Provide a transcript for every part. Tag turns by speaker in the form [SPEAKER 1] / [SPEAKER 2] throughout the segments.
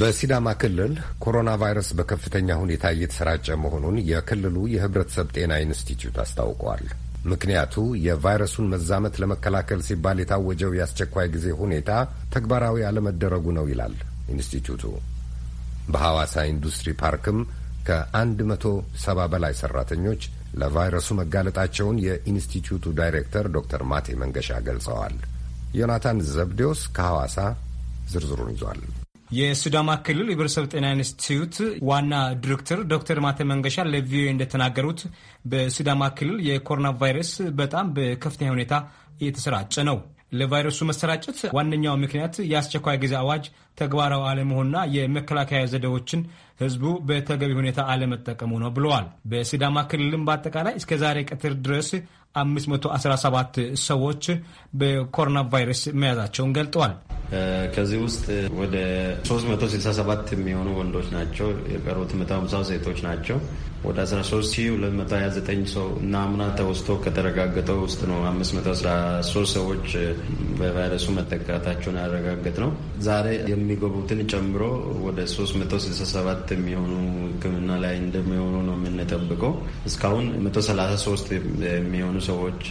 [SPEAKER 1] በሲዳማ ክልል ኮሮና ቫይረስ በከፍተኛ ሁኔታ እየተሰራጨ መሆኑን የክልሉ የሕብረተሰብ ጤና ኢንስቲትዩት አስታውቀዋል። ምክንያቱ የቫይረሱን መዛመት ለመከላከል ሲባል የታወጀው የአስቸኳይ ጊዜ ሁኔታ ተግባራዊ አለመደረጉ ነው ይላል ኢንስቲትዩቱ። በሐዋሳ ኢንዱስትሪ ፓርክም ከአንድ መቶ ሰባ በላይ ሰራተኞች ለቫይረሱ መጋለጣቸውን የኢንስቲትዩቱ ዳይሬክተር ዶክተር ማቴ መንገሻ ገልጸዋል። ዮናታን ዘብዴዎስ ከሐዋሳ ዝርዝሩን ይዟል።
[SPEAKER 2] የሱዳማ ክልል የብሔረሰብ ጤና ኢንስቲትዩት ዋና ዲሬክተር ዶክተር ማተ መንገሻ ለቪኦኤ እንደተናገሩት በሱዳማ ክልል የኮሮና ቫይረስ በጣም በከፍተኛ ሁኔታ እየተሰራጨ ነው። ለቫይረሱ መሰራጨት ዋነኛው ምክንያት የአስቸኳይ ጊዜ አዋጅ ተግባራዊ አለመሆንና የመከላከያ ዘዴዎችን ህዝቡ በተገቢ ሁኔታ አለመጠቀሙ ነው ብለዋል። በሲዳማ ክልልም በአጠቃላይ እስከ ዛሬ ቀትር ድረስ 517 ሰዎች በኮሮና ቫይረስ መያዛቸውን ገልጠዋል።
[SPEAKER 3] ከዚህ ውስጥ ወደ 367 የሚሆኑ ወንዶች ናቸው። የቀሩት 150 ሴቶች ናቸው። ወደ 13229 ሰው ናሙና ተወስቶ ከተረጋገጠው ውስጥ ነው 513 ሰዎች በቫይረሱ መጠቃታቸውን ያረጋገጥ ነው። ዛሬ የሚገቡትን ጨምሮ ወደ 367 አራት የሚሆኑ ህክምና ላይ እንደሚሆኑ ነው የምንጠብቀው። እስካሁን 133 የሚሆኑ ሰዎች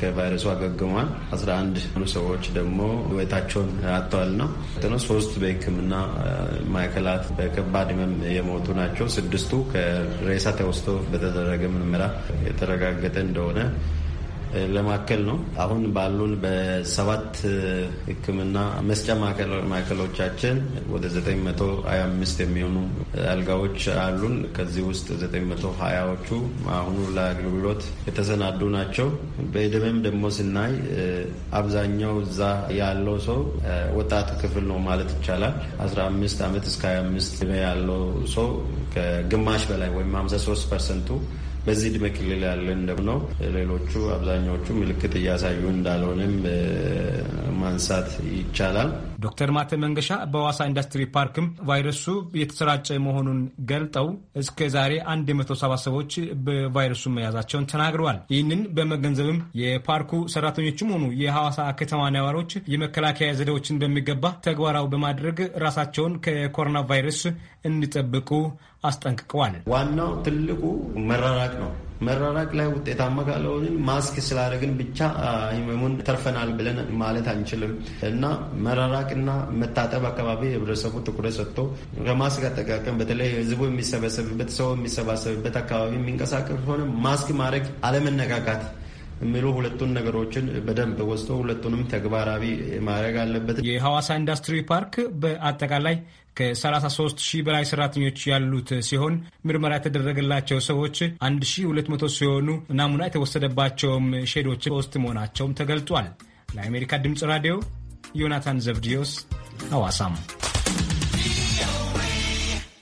[SPEAKER 3] ከቫይረሱ አገግመዋል። 11 ሆኑ ሰዎች ደግሞ ሕይወታቸውን አጥተዋል ነው ነው ሶስት በህክምና ማዕከላት በከባድ ህመም የሞቱ ናቸው። ስድስቱ ከሬሳ ተወስቶ በተደረገ ምርመራ የተረጋገጠ እንደሆነ ለማከል ነው። አሁን ባሉን በሰባት ሕክምና መስጫ ማዕከሎቻችን ወደ 925 የሚሆኑ አልጋዎች አሉን። ከዚህ ውስጥ 920ዎቹ አሁኑ ለአገልግሎት የተሰናዱ ናቸው። በእድሜም ደግሞ ስናይ አብዛኛው እዛ ያለው ሰው ወጣት ክፍል ነው ማለት ይቻላል። 15 ዓመት እስከ 25 ያለው ሰው ከግማሽ በላይ ወይም 53 ፐርሰንቱ በዚህ እድሜ ክልል ያለን ደግሞ ሌሎቹ አብዛኛዎቹ ምልክት እያሳዩ እንዳልሆነም ማንሳት ይቻላል።
[SPEAKER 2] ዶክተር ማተ መንገሻ በዋሳ ኢንዱስትሪ ፓርክም ቫይረሱ የተሰራጨ መሆኑን ገልጠው እስከ ዛሬ 170 ሰዎች በቫይረሱ መያዛቸውን ተናግረዋል። ይህንን በመገንዘብም የፓርኩ ሰራተኞችም ሆኑ የሐዋሳ ከተማ ነዋሪዎች የመከላከያ ዘዴዎችን በሚገባ ተግባራዊ በማድረግ ራሳቸውን ከኮሮና ቫይረስ እንዲጠብቁ አስጠንቅቀዋል። ዋናው ትልቁ
[SPEAKER 3] መራራቅ ነው።
[SPEAKER 2] መራራቅ ላይ ውጤታማ ካልሆንን ማስክ ስላደረግን ብቻ ህመሙን
[SPEAKER 3] ተርፈናል ብለን ማለት አንችልም እና መራራቅና መታጠብ አካባቢ ህብረተሰቡ ትኩረት ሰጥቶ ከማስክ አጠቃቀም በተለይ ህዝቡ የሚሰበሰብበት ሰው የሚሰባሰብበት አካባቢ የሚንቀሳቀስ ሆነ ማስክ ማድረግ አለመነካካት የሚሉ ሁለቱን ነገሮችን በደንብ
[SPEAKER 2] ወስዶ ሁለቱንም ተግባራዊ ማድረግ አለበት። የሐዋሳ ኢንዱስትሪ ፓርክ በአጠቃላይ ከ33 ሺህ በላይ ሰራተኞች ያሉት ሲሆን ምርመራ የተደረገላቸው ሰዎች 1200 ሲሆኑ ናሙና የተወሰደባቸውም ሼዶች ሶስት መሆናቸውም ተገልጧል። ለአሜሪካ ድምፅ ራዲዮ ዮናታን ዘብድዮስ ሐዋሳም